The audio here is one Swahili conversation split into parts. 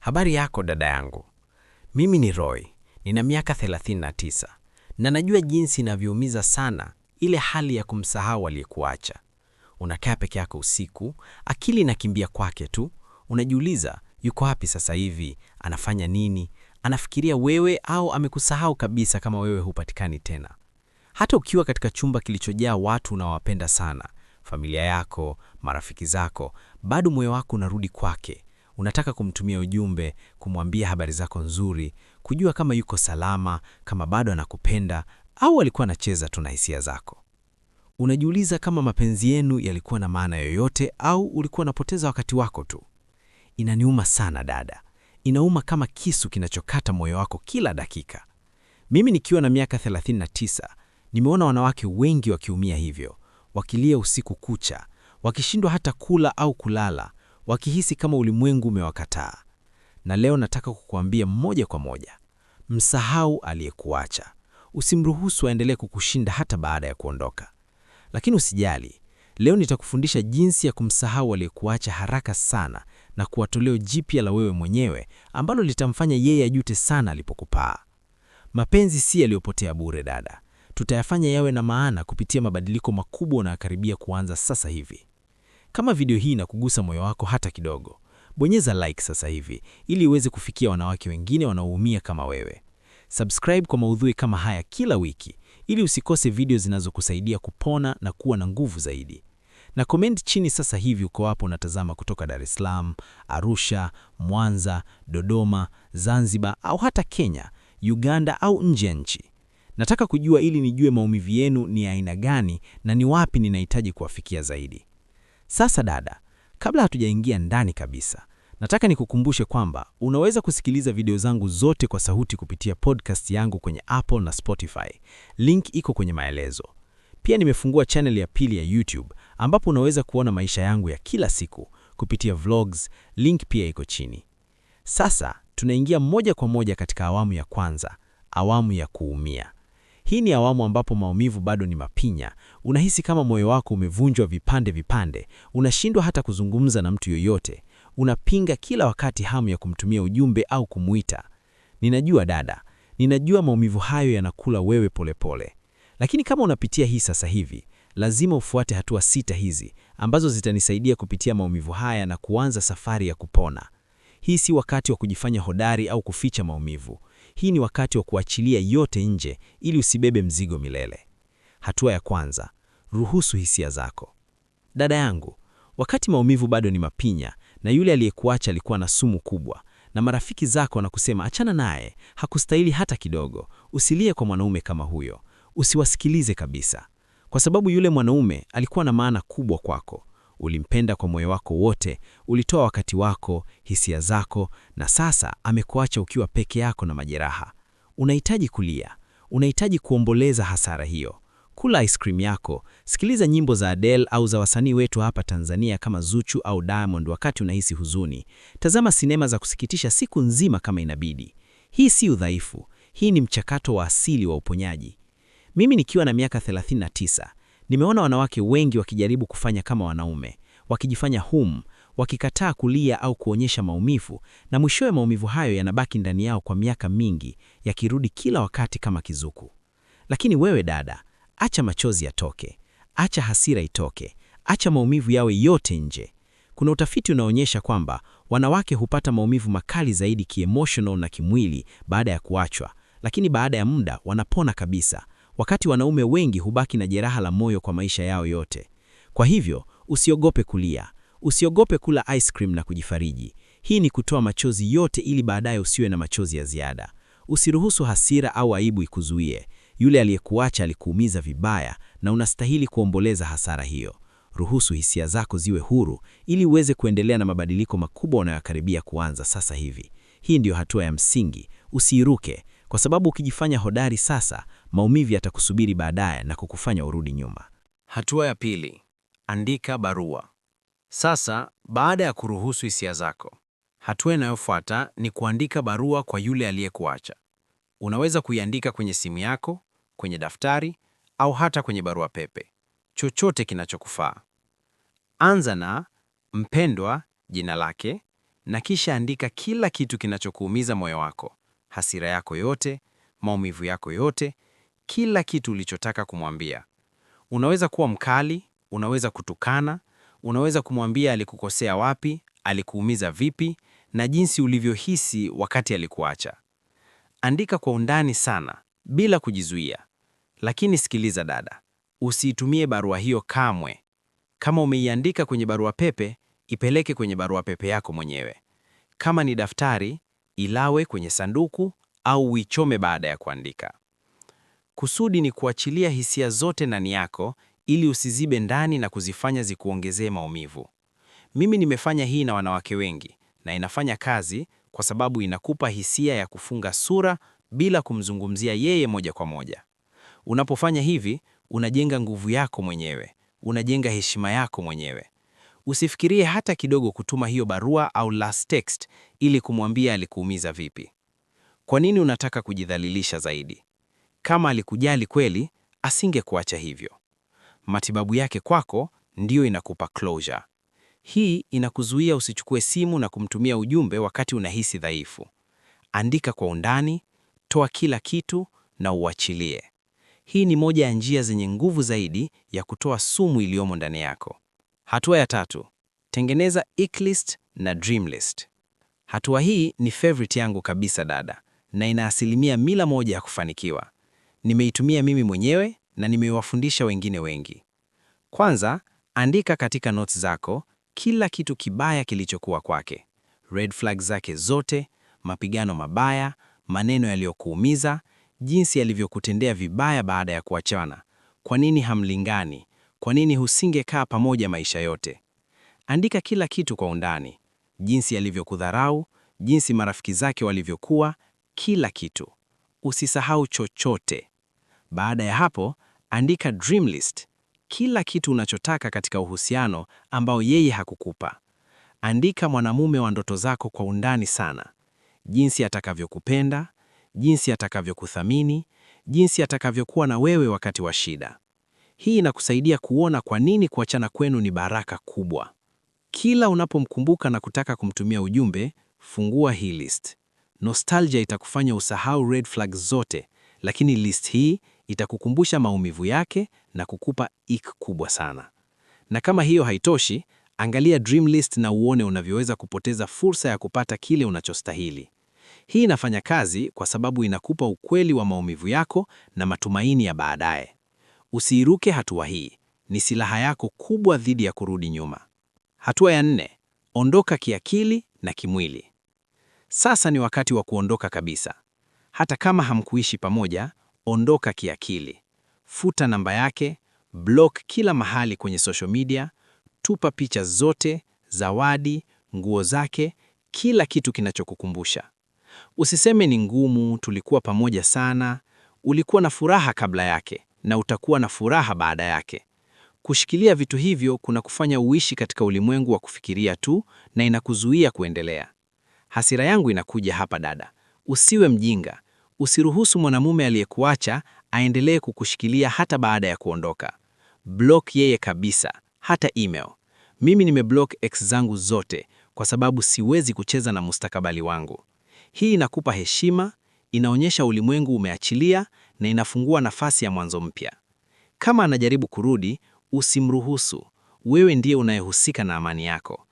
Habari yako dada yangu, mimi ni Roy, nina miaka 39 na najua jinsi inavyoumiza sana ile hali ya kumsahau aliyekuacha. Unakaa peke yako usiku, akili inakimbia kwake tu, unajiuliza yuko wapi sasa hivi, anafanya nini? Anafikiria wewe au amekusahau kabisa, kama wewe hupatikani tena. Hata ukiwa katika chumba kilichojaa watu unawapenda sana, familia yako, marafiki zako, bado moyo wako unarudi kwake Unataka kumtumia ujumbe, kumwambia habari zako nzuri, kujua kama yuko salama, kama bado anakupenda au alikuwa anacheza tu na hisia zako. Unajiuliza kama mapenzi yenu yalikuwa na maana yoyote au ulikuwa unapoteza wakati wako tu. Inaniuma sana dada, inauma kama kisu kinachokata moyo wako kila dakika. Mimi nikiwa na miaka 39 nimeona wanawake wengi wakiumia hivyo, wakilia usiku kucha, wakishindwa hata kula au kulala, wakihisi kama ulimwengu umewakataa. Na leo nataka kukuambia moja kwa moja, msahau aliyekuacha, usimruhusu aendelee kukushinda hata baada ya kuondoka. Lakini usijali, leo nitakufundisha jinsi ya kumsahau aliyekuacha haraka sana na kuwa toleo jipya la wewe mwenyewe ambalo litamfanya yeye ajute sana alipokupaa. Mapenzi si yaliyopotea bure dada, tutayafanya yawe na maana kupitia mabadiliko makubwa unayokaribia kuanza sasa hivi. Kama video hii inakugusa moyo wako hata kidogo, bonyeza like sasa hivi ili uweze kufikia wanawake wengine wanaoumia kama wewe. Subscribe kwa maudhui kama haya kila wiki ili usikose video zinazokusaidia kupona na kuwa na nguvu zaidi. Na comment chini sasa hivi uko wapo unatazama kutoka Dar es Salaam, Arusha, Mwanza, Dodoma, Zanzibar au hata Kenya, Uganda au nje ya nchi. Nataka kujua ili nijue maumivu yenu ni aina gani na ni wapi ninahitaji kuwafikia zaidi. Sasa dada, kabla hatujaingia ndani kabisa, nataka nikukumbushe kwamba unaweza kusikiliza video zangu zote kwa sauti kupitia podcast yangu kwenye Apple na Spotify. Link iko kwenye maelezo. Pia nimefungua channel ya pili ya YouTube ambapo unaweza kuona maisha yangu ya kila siku kupitia vlogs, link pia iko chini. Sasa tunaingia moja kwa moja katika awamu ya kwanza, awamu ya kuumia. Hii ni awamu ambapo maumivu bado ni mapinya. Unahisi kama moyo wako umevunjwa vipande vipande, unashindwa hata kuzungumza na mtu yoyote, unapinga kila wakati hamu ya kumtumia ujumbe au kumuita. Ninajua dada, ninajua maumivu hayo yanakula wewe polepole pole. Lakini kama unapitia hii sasa hivi, lazima ufuate hatua sita hizi ambazo zitanisaidia kupitia maumivu haya na kuanza safari ya kupona. Hii si wakati wa kujifanya hodari au kuficha maumivu. Hii ni wakati wa kuachilia yote nje ili usibebe mzigo milele. Hatua ya kwanza, ruhusu hisia zako. Dada yangu, wakati maumivu bado ni mapinya na yule aliyekuacha alikuwa na sumu kubwa na marafiki zako wanakusema achana naye, hakustahili hata kidogo, usilie kwa mwanaume kama huyo, usiwasikilize kabisa, kwa sababu yule mwanaume alikuwa na maana kubwa kwako, Ulimpenda kwa moyo wako wote, ulitoa wakati wako, hisia zako, na sasa amekuacha ukiwa peke yako na majeraha. Unahitaji kulia, unahitaji kuomboleza hasara hiyo. Kula ice cream yako, sikiliza nyimbo za Adele au za wasanii wetu hapa Tanzania kama Zuchu au Diamond wakati unahisi huzuni. Tazama sinema za kusikitisha siku nzima kama inabidi. Hii si udhaifu, hii ni mchakato wa asili wa uponyaji. Mimi nikiwa na miaka 39 Nimeona wanawake wengi wakijaribu kufanya kama wanaume, wakijifanya hum, wakikataa kulia au kuonyesha maumivu, na mwishowe maumivu hayo yanabaki ndani yao kwa miaka mingi, yakirudi kila wakati kama kizuku. Lakini wewe dada, acha machozi yatoke, acha hasira itoke, acha maumivu yawe yote nje. Kuna utafiti unaonyesha kwamba wanawake hupata maumivu makali zaidi kiemotional na kimwili baada ya kuachwa, lakini baada ya muda wanapona kabisa, wakati wanaume wengi hubaki na jeraha la moyo kwa maisha yao yote. Kwa hivyo, usiogope kulia, usiogope kula ice cream na kujifariji. Hii ni kutoa machozi yote ili baadaye usiwe na machozi ya ziada. Usiruhusu hasira au aibu ikuzuie. Yule aliyekuacha alikuumiza vibaya na unastahili kuomboleza hasara hiyo. Ruhusu hisia zako ziwe huru ili uweze kuendelea na mabadiliko makubwa unayokaribia kuanza sasa hivi. Hii ndiyo hatua ya msingi, usiiruke kwa sababu ukijifanya hodari sasa, maumivu yatakusubiri baadaye na kukufanya urudi nyuma. Hatua ya pili, andika barua. Sasa baada ya kuruhusu hisia zako, hatua inayofuata ni kuandika barua kwa yule aliyekuacha. Unaweza kuiandika kwenye simu yako, kwenye daftari au hata kwenye barua pepe, chochote kinachokufaa. Anza na mpendwa, jina lake, na kisha andika kila kitu kinachokuumiza moyo wako hasira yako yote, maumivu yako yote, kila kitu ulichotaka kumwambia. Unaweza kuwa mkali, unaweza kutukana, unaweza kumwambia alikukosea wapi, alikuumiza vipi, na jinsi ulivyohisi wakati alikuacha. Andika kwa undani sana bila kujizuia. Lakini sikiliza dada, usiitumie barua hiyo kamwe. Kama umeiandika kwenye barua pepe, ipeleke kwenye barua pepe yako mwenyewe. Kama ni daftari, ilawe kwenye sanduku au uichome baada ya kuandika. Kusudi ni kuachilia hisia zote ndani yako ili usizibe ndani na kuzifanya zikuongezee maumivu. Mimi nimefanya hii na wanawake wengi na inafanya kazi kwa sababu inakupa hisia ya kufunga sura bila kumzungumzia yeye moja kwa moja. Unapofanya hivi, unajenga nguvu yako mwenyewe, unajenga heshima yako mwenyewe usifikirie hata kidogo kutuma hiyo barua au last text ili kumwambia alikuumiza vipi. Kwa nini unataka kujidhalilisha zaidi? Kama alikujali kweli, asingekuacha hivyo. Matibabu yake kwako ndiyo inakupa closure. Hii inakuzuia usichukue simu na kumtumia ujumbe wakati unahisi dhaifu. Andika kwa undani, toa kila kitu na uachilie. Hii ni moja ya njia zenye nguvu zaidi ya kutoa sumu iliyomo ndani yako. Hatua ya tatu, tengeneza ick list na dream list. Hatua hii ni favorite yangu kabisa dada, na ina asilimia mia moja ya kufanikiwa. Nimeitumia mimi mwenyewe na nimewafundisha wengine wengi. Kwanza, andika katika notes zako kila kitu kibaya kilichokuwa kwake, red flag zake zote, mapigano mabaya, maneno yaliyokuumiza, jinsi alivyokutendea vibaya baada ya kuachana, kwa nini hamlingani, kwa nini husingekaa pamoja maisha yote? Andika kila kitu kwa undani, jinsi alivyokudharau, jinsi marafiki zake walivyokuwa, kila kitu. Usisahau chochote. Baada ya hapo, andika dream list, kila kitu unachotaka katika uhusiano ambao yeye hakukupa. Andika mwanamume wa ndoto zako kwa undani sana, jinsi atakavyokupenda, jinsi atakavyokuthamini, jinsi atakavyokuwa na wewe wakati wa shida. Hii inakusaidia kuona kwa nini kuachana kwenu ni baraka kubwa. Kila unapomkumbuka na kutaka kumtumia ujumbe, fungua hii list. Nostalgia itakufanya usahau red flag zote, lakini list hii itakukumbusha maumivu yake na kukupa ik kubwa sana. Na kama hiyo haitoshi, angalia dream list na uone unavyoweza kupoteza fursa ya kupata kile unachostahili. Hii inafanya kazi kwa sababu inakupa ukweli wa maumivu yako na matumaini ya baadaye. Usiiruke hatua hii, ni silaha yako kubwa dhidi ya kurudi nyuma. Hatua ya nne, ondoka kiakili na kimwili. Sasa ni wakati wa kuondoka kabisa. Hata kama hamkuishi pamoja, ondoka kiakili. Futa namba yake, block kila mahali kwenye social media, tupa picha zote, zawadi, nguo zake, kila kitu kinachokukumbusha. Usiseme ni ngumu, tulikuwa pamoja sana, ulikuwa na furaha kabla yake na utakuwa na furaha baada yake. Kushikilia vitu hivyo kuna kufanya uishi katika ulimwengu wa kufikiria tu na inakuzuia kuendelea. Hasira yangu inakuja hapa dada. Usiwe mjinga. Usiruhusu mwanamume aliyekuacha aendelee kukushikilia hata baada ya kuondoka. Block yeye kabisa, hata email. Mimi nimeblock ex zangu zote kwa sababu siwezi kucheza na mustakabali wangu. Hii inakupa heshima, inaonyesha ulimwengu umeachilia na inafungua nafasi ya mwanzo mpya. Kama anajaribu kurudi, usimruhusu. Wewe ndiye unayehusika na amani yako.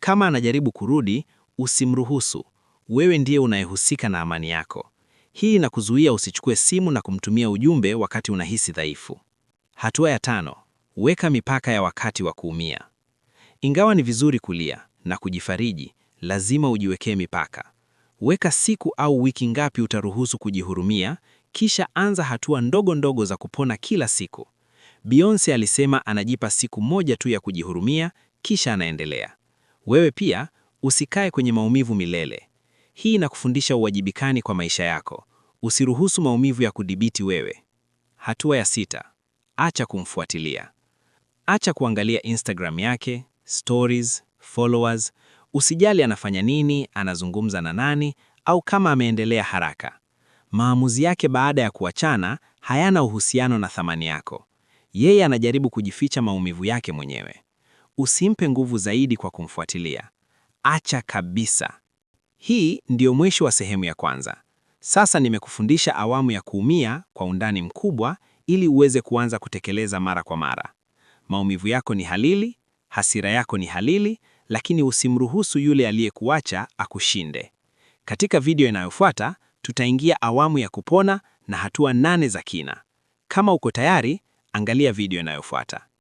Kama anajaribu kurudi, usimruhusu. Wewe ndiye unayehusika na amani yako. Hii inakuzuia usichukue simu na kumtumia ujumbe wakati unahisi dhaifu. Hatua ya tano: weka mipaka ya wakati wa kuumia. Ingawa ni vizuri kulia na kujifariji, lazima ujiwekee mipaka. Weka siku au wiki ngapi utaruhusu kujihurumia kisha anza hatua ndogo ndogo za kupona kila siku. Beyonce alisema anajipa siku moja tu ya kujihurumia, kisha anaendelea. Wewe pia usikae kwenye maumivu milele. Hii inakufundisha uwajibikani kwa maisha yako. Usiruhusu maumivu ya kudhibiti wewe. Hatua ya sita: acha kumfuatilia. Acha kuangalia Instagram yake, stories, followers. Usijali anafanya nini, anazungumza na nani, au kama ameendelea haraka maamuzi yake baada ya kuachana hayana uhusiano na thamani yako. Yeye anajaribu kujificha maumivu yake mwenyewe. Usimpe nguvu zaidi kwa kumfuatilia, acha kabisa. Hii ndiyo mwisho wa sehemu ya kwanza. Sasa nimekufundisha awamu ya kuumia kwa undani mkubwa, ili uweze kuanza kutekeleza mara kwa mara. Maumivu yako ni halali, hasira yako ni halali, lakini usimruhusu yule aliyekuacha akushinde. Katika video inayofuata tutaingia awamu ya kupona na hatua nane za kina. Kama uko tayari, angalia video inayofuata.